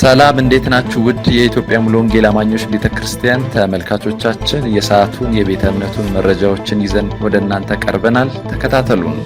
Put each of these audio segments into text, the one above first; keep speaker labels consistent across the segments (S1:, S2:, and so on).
S1: ሰላም እንዴት ናችሁ? ውድ የኢትዮጵያ ሙሉ ወንጌል አማኞች ቤተ ክርስቲያን ተመልካቾቻችን የሰዓቱን የቤተ እምነቱን መረጃዎችን ይዘን ወደ እናንተ ቀርበናል። ተከታተሉን።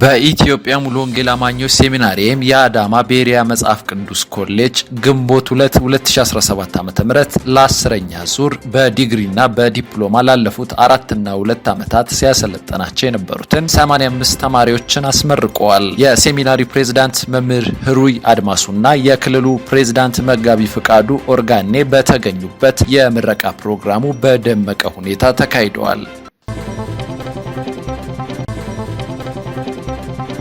S1: በኢትዮጵያ ሙሉ ወንጌል አማኞች ሴሚናሪየም የአዳማ ቤሪያ መጽሐፍ ቅዱስ ኮሌጅ ግንቦት 2 2017 ም ለአስረኛ ዙር በዲግሪና በዲፕሎማ ላለፉት አራትና ሁለት ዓመታት ሲያሰለጠናቸው የነበሩትን 85 ተማሪዎችን አስመርቀዋል። የሴሚናሪ ፕሬዝዳንት መምህር ህሩይ አድማሱና የክልሉ ፕሬዝዳንት መጋቢ ፍቃዱ ኦርጋኔ በተገኙበት የምረቃ ፕሮግራሙ በደመቀ ሁኔታ ተካሂደዋል።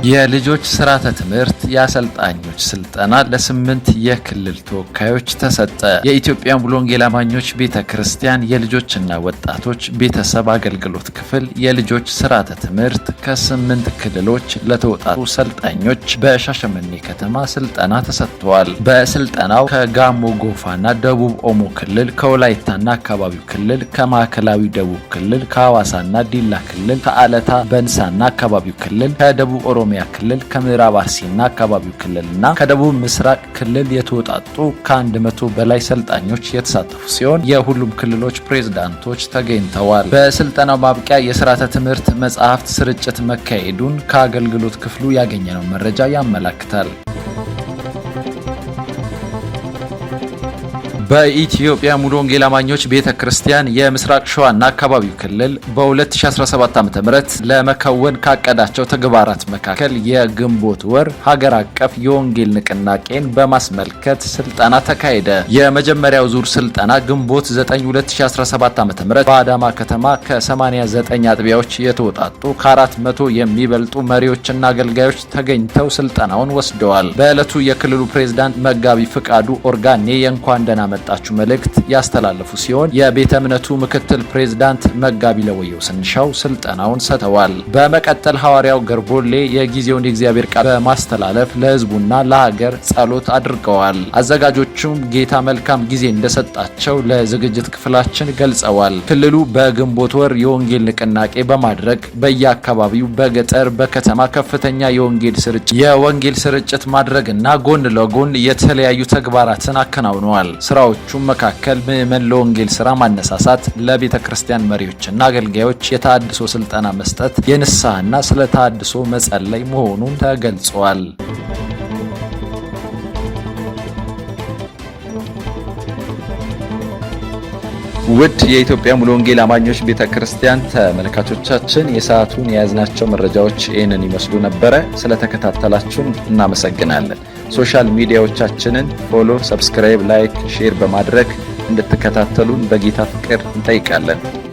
S1: የልጆች ስርዓተ ትምህርት የአሰልጣኞች ስልጠና ለስምንት የክልል ተወካዮች ተሰጠ። የኢትዮጵያ ሙሉ ወንጌል አማኞች ቤተ ክርስቲያን የልጆችና ወጣቶች ቤተሰብ አገልግሎት ክፍል የልጆች ስርዓተ ትምህርት ከስምንት ክልሎች ለተወጣጡ ሰልጣኞች በሻሸመኔ ከተማ ስልጠና ተሰጥተዋል። በስልጠናው ከጋሞ ጎፋና ደቡብ ኦሞ ክልል፣ ከወላይታና አካባቢው ክልል፣ ከማዕከላዊ ደቡብ ክልል፣ ከሐዋሳና ዲላ ክልል፣ ከአለታ በንሳና አካባቢው ክልል፣ ከደቡብ ኦሮሚያ ከኦሮሚያ ክልል ከምዕራብ አርሲና አካባቢው ክልልና ከደቡብ ምስራቅ ክልል የተውጣጡ ከ100 በላይ ሰልጣኞች የተሳተፉ ሲሆን የሁሉም ክልሎች ፕሬዝዳንቶች ተገኝተዋል። በስልጠናው ማብቂያ የስርዓተ ትምህርት መጽሐፍት ስርጭት መካሄዱን ከአገልግሎት ክፍሉ ያገኘነው መረጃ ያመላክታል። በኢትዮጵያ ሙሉ ወንጌል አማኞች ቤተ ክርስቲያን የምስራቅ ሸዋና አካባቢው ክልል በ2017 ዓ ም ለመከወን ካቀዳቸው ተግባራት መካከል የግንቦት ወር ሀገር አቀፍ የወንጌል ንቅናቄን በማስመልከት ስልጠና ተካሄደ። የመጀመሪያው ዙር ስልጠና ግንቦት 9 2017 ዓ ም በአዳማ ከተማ ከ89 አጥቢያዎች የተውጣጡ ከ400 የሚበልጡ መሪዎችና አገልጋዮች ተገኝተው ስልጠናውን ወስደዋል። በዕለቱ የክልሉ ፕሬዝዳንት መጋቢ ፍቃዱ ኦርጋኔ የእንኳን ደህና ያመጣችው መልእክት ያስተላለፉ ሲሆን የቤተ እምነቱ ምክትል ፕሬዝዳንት መጋቢ ለወየው ስንሻው ስልጠናውን ሰጥተዋል። በመቀጠል ሐዋርያው ገርቦሌ የጊዜውን የእግዚአብሔር ቃል በማስተላለፍ ለህዝቡና ለሀገር ጸሎት አድርገዋል። አዘጋጆቹም ጌታ መልካም ጊዜ እንደሰጣቸው ለዝግጅት ክፍላችን ገልጸዋል። ክልሉ በግንቦት ወር የወንጌል ንቅናቄ በማድረግ በየአካባቢው በገጠር በከተማ ከፍተኛ የወንጌል ስርጭት የወንጌል ስርጭት ማድረግና ጎን ለጎን የተለያዩ ተግባራትን አከናውነዋል። ስራው ስራዎቹ መካከል ምዕመን ለወንጌል ስራ ማነሳሳት፣ ለቤተ ክርስቲያን መሪዎችና አገልጋዮች የተሃድሶ ስልጠና መስጠት፣ የንስሐና ስለ ተሃድሶ መጸለይ መሆኑን ተገልጿል። ውድ የኢትዮጵያ ሙሉ ወንጌል አማኞች ቤተ ክርስቲያን ተመልካቾቻችን የሰዓቱን የያዝናቸው መረጃዎች ይህንን ይመስሉ ነበረ። ስለተከታተላችሁን እናመሰግናለን። ሶሻል ሚዲያዎቻችንን ፎሎ፣ ሰብስክራይብ፣ ላይክ፣ ሼር በማድረግ እንድትከታተሉን በጌታ ፍቅር እንጠይቃለን።